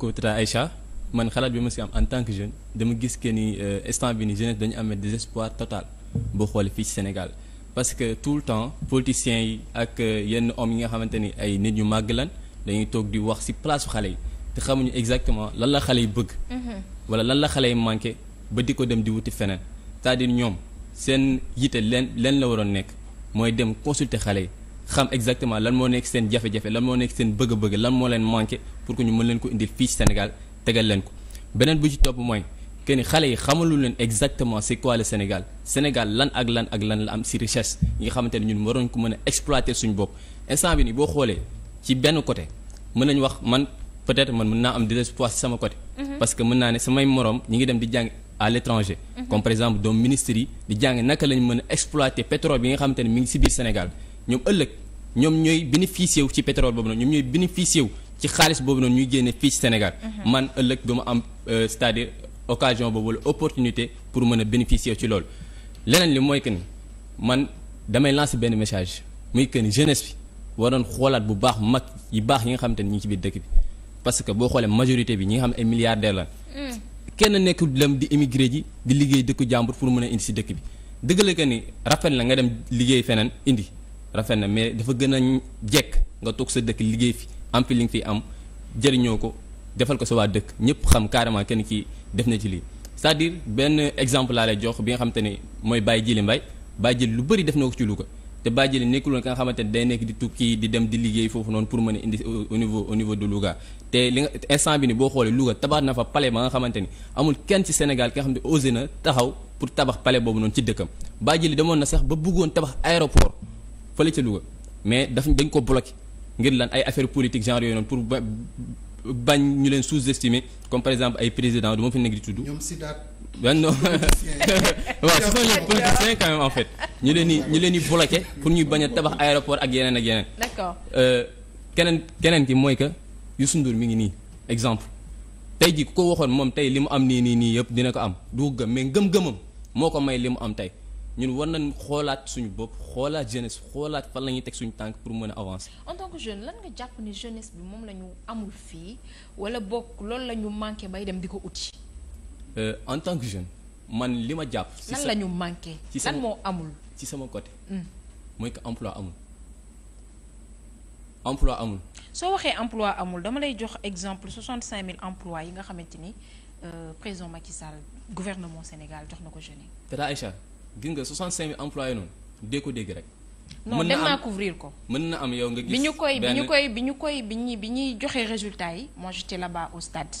Koutra Aïcha man xalaat bi ma si am en tant que jeune dama gis que ni euh, bi ni jeunesse dañu amee désespoir total boo xoolee fii ci Sénégal parce que tout le temps politiciens yi ak euh, yenn hommes yi nga xamante ni ay nit ñu màgg lan dañuy toog di wax si place xale yi te xamuñu exactement lan la xale yi bëgg. Mm-hmm. wala lan la xale yi manqué ba di ko dem di wuti feneen c'est-à-dire ñoom seen yite leen leen la waroon nekk mooy dem consulter xale yi. xam exactement lan moo nekk seen jafe-jafe lan moo nekk seen bëgg-bëgg lan moo leen manqué pour que ñu mën leen ko indil fii Sénégal tegal leen ko beneen bu ci topp mooy que ni xale yi xamalu leen exactement c'est quoi le Sénégal Sénégal lan ak lan ak lan la am ci richesse yi nga xamante ne ñun waroon ko mën a exploiter suñu bopp instant bi nii boo xoolee ci benn côté mën nañu wax man peut-être man mën naa am désespoir ci sama coté mhm. parce que mën naa ne samay moroom ñi ngi dem di jàng à l'étranger. Mhm. comme par exemple doom ministres yi di jàng naka lañ mën a exploiter pétrole nga xamante ne mi ngi ci biir Sénégal ñoom ñooy bénéficié wu ci pétrole boobu noonu ñoom ñooy bénéficié wu ci xaalis boobu noonu ñuy génne fii ci Sénégal. Mhm. man ëllëg du ma am euh, cest à occasion boobu la opportunité pour mën a bénéficier ci loolu. leneen li mooy que ni man damay lancer benn message muy que ni jeunesse bi waroon xoolaat bu baax mag yi baax yi nga xamante ni ñi ci biir dëkk bi parce que boo xoolee majorité bi ñi nga xam ay milliardaires la. Mm. kenn nekkul dem di immigré ji di liggéey dëkku jàmbur pour mën a indi si dëkk bi dëgg que ni rafet la nga dem liggéey feneen indi. rafet na mais dafa gën a jekk nga toog sa dëkk liggéey fi am fi li nga fi am jëriñoo ko defal ko sa waa dëkk ñëpp xam carrément kenn kii def na ci lii sa à dire benn exemple laa lay jox bi nga xamante ne mooy Baye Djili mbay Baye Djili lu bari def na ko ci Louga te Baye Djili nekkul ka nga xamante ne day nekk di tukki di dem di liggéey foofu noonu pour mën a indi au niveau au niveau de luga te li nga instant bi ni boo xoolee Louga tabax na fa pale ba nga xamante ni amul kenn ci Sénégal ki nga xam osé na taxaw pour tabax palais boobu noonu ci dëkkam Baye Djili demoon na sax ba bëggoon tabax aéroport fële ca Louga mais daf dañ ko bloqué ngir lan ay affaire politique genre yooyu noonu pour bañ ñu leen sous-estimer comme par exemple ay président du ma fi nekk di tudd. ñoom Sidaat. waaw non waaw ce sont en fait ñu leen di ñu leen di bloqué pour ñu bañ a tabax aéroport ak yeneen ak yeneen. d'accord euh, keneen keneen ki mooy que Youssou Ndour mi ngi nii exemple tey jii ko waxoon moom tey li mu am nii nii nii yëpp dina ko am du gëm mais ngëm-ngëmam moo ko may li mu am tey. ñun war nañ xoolaat suñu bopp xoolaat jeunesse xoolaat fan la ñuy teg suñu tànk pour mën a avancer. en tant que jeune lan nga jàpp ni jeunesse bi moom la amul fii wala bokk loolu lañu ñu manqué bay dem di ko uti. Euh, en tant que jeune man li ma jàpp. ci lan la ñu manqué. ci lan moo amul. ci sama côté. Hmm. mooy que emploi amul. emploi amul. soo waxee emploi amul dama lay jox exemple cinq mille emplois yi nga xamante ni euh, président Macky Sall gouvernement Sénégal jox na ko jeune yi. Tata Aïcha. gis nga 65000 employés noonu dee ko dégg rek. non dem naa couvrir ko. mën na am yow nga gis. bi ñu koy bi ñu koy bi ñu koy bi ñuy bi ñuy joxe résultat yi moi j'étais là-bas au stade.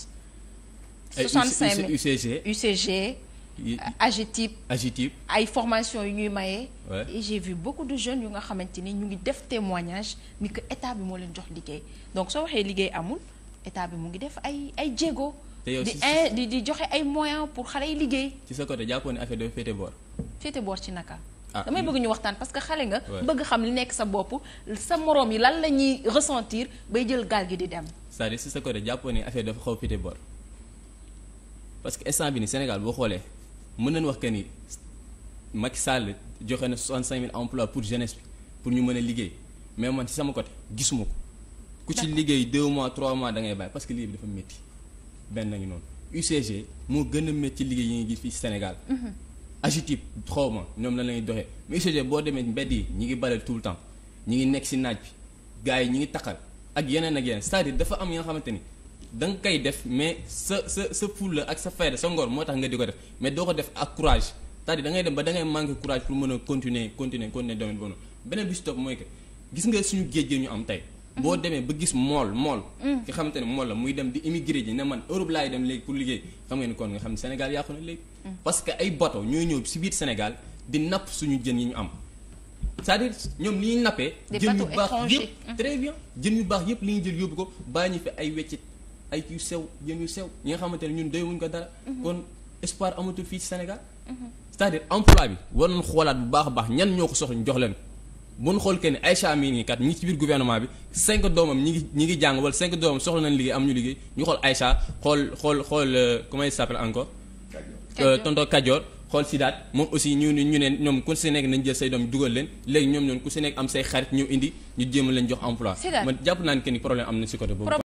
65000 UCG UCG. AGETIP AGETIP ay formation yu ñuy maye. et j'ai vu beaucoup de jeunes yu nga xamante ni ñu ngi def témoignage ni que état bi moo leen jox liggéey donc soo waxee liggéey amul état bi mu ngi def ay ay jéego. te yow di di joxe ay moyens pour xale yi liggéey. ci sa côté jàppoon ne affaire dafa féete boor. féete boor ci naka. Ah, damay bëgg ñu waxtaan parce que xale nga. bëgg xam li nekk sa bopp sa moroom yi lan la ñuy ressentir bay jël gaal gi di dem. sa à si sa côté jàppoon ne affaire dafa xaw féete boor parce que instant bi ni Sénégal boo xoolee mën nañu wax que ni Macky Sall joxe na 65 000 emplois pour jeunesse bi pour ñu mën a liggéey mais man ci sama côté gisuma ko. ku ci liggéey 2 mois 3 mois da ngay bàyyi parce que liggéey bi dafa métti benn nañu noonu UCG moo gën a métti liggéey yi nga gis fii Sénégal. Mhm. agitib xaw ma ñoom la lañuy doxee mais UCG boo demee mbedd yi ñi ngi balal tout le temps ñi ngi nekk si naaj bi gars yi ñi ngi taxal ak yeneen ak yeneen cest dafa am yoo xamante ni danga nga koy def mais sa sa sa fulla ak sa fayda sa ngor moo tax nga di ko def mais doo ko def ak courage c'est-à-dire dem ba da ngay manqué courage pour mën a continuer continuer continuer domaine boobu beneen bi si mooy que gis nga suñu géej gi ñu am tey boo demee ba gis mool mool mm. nga xamante ne mool la muy dem di immigré ji ne man Europe laay dem léegi pour liggéey xam ngeen kon nga xam ne Sénégal yàqu na léegi mm. parce que ay bateau ñooy ñëw si biir Sénégal di napp suñu jën yi ñu am cest à ñoom li ñu nappee jën yu baax yëpp mm. très jën yu baax yëpp li ñu jël yóbbu ko bàyyi ñu fi ay weccit ay yu sew jën yu sew ñi nga xamante ne ñun doyewuñ ko dara mm-hmm. kon espoir amatul fii ci Sénégal mm-hmm. c'est-à-dire bi war nañ xoolaat bu baax a baax ñan ñoo ko soxla ñu jox leen bu ñu xool kenn ni Aïcha mii nii kat ñi ngi ci biir gouvernement bi cinq doomam ñi ngi ñi ngi jàng wala cinq doomam soxla nañ liggéey am ñu liggéey ñu xool Aïcha xool xool xool euh, comment il s'appelle encore. Euh, tonto Kajoor xool Sidaat moom aussi ñu ñu ne ñoom ku si nekk nañ jël say doom dugal leen léegi ñoom ñoom ku si am say xarit ñëw indi ñu jéem leen jox emploi. man jàpp naa ne ni problème am na si côté boobu.